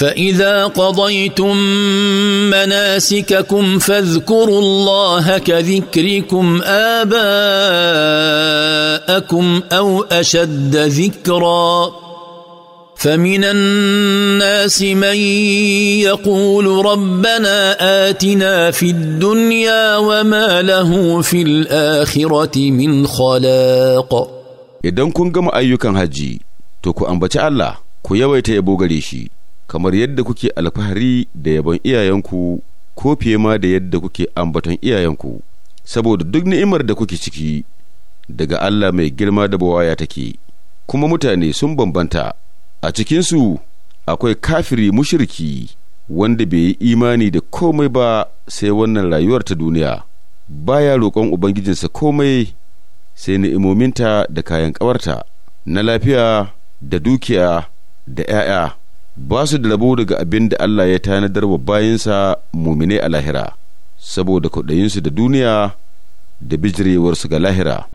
فاذا قضيتم مناسككم فاذكروا الله كذكركم اباءكم او اشد ذكرا فمن الناس من يقول ربنا اتنا في الدنيا وما له في الاخره من خلاق idan kun gama ayyukan hajji to ku ambaci Allah ku yawaita yabo gare shi kamar yadda kuke alfahari da yabon iyayenku ko fiye ma da yadda kuke ambaton iyayenku saboda duk ni'imar da kuke ciki daga Allah mai girma da bawaya take kuma mutane sun bambanta a cikinsu akwai kafiri mushirki wanda bai yi imani da komai ba sai wannan rayuwar ta duniya baya roƙon ubangijinsa komai sai ni'imominta da kayan ƙawarta na lafiya da dukiya da ‘ya'ya ba su da rabo daga abin da Allah ya tanadar wa bayansa mumine a lahira saboda kwaɗayinsu da duniya da bijirewarsu ga lahira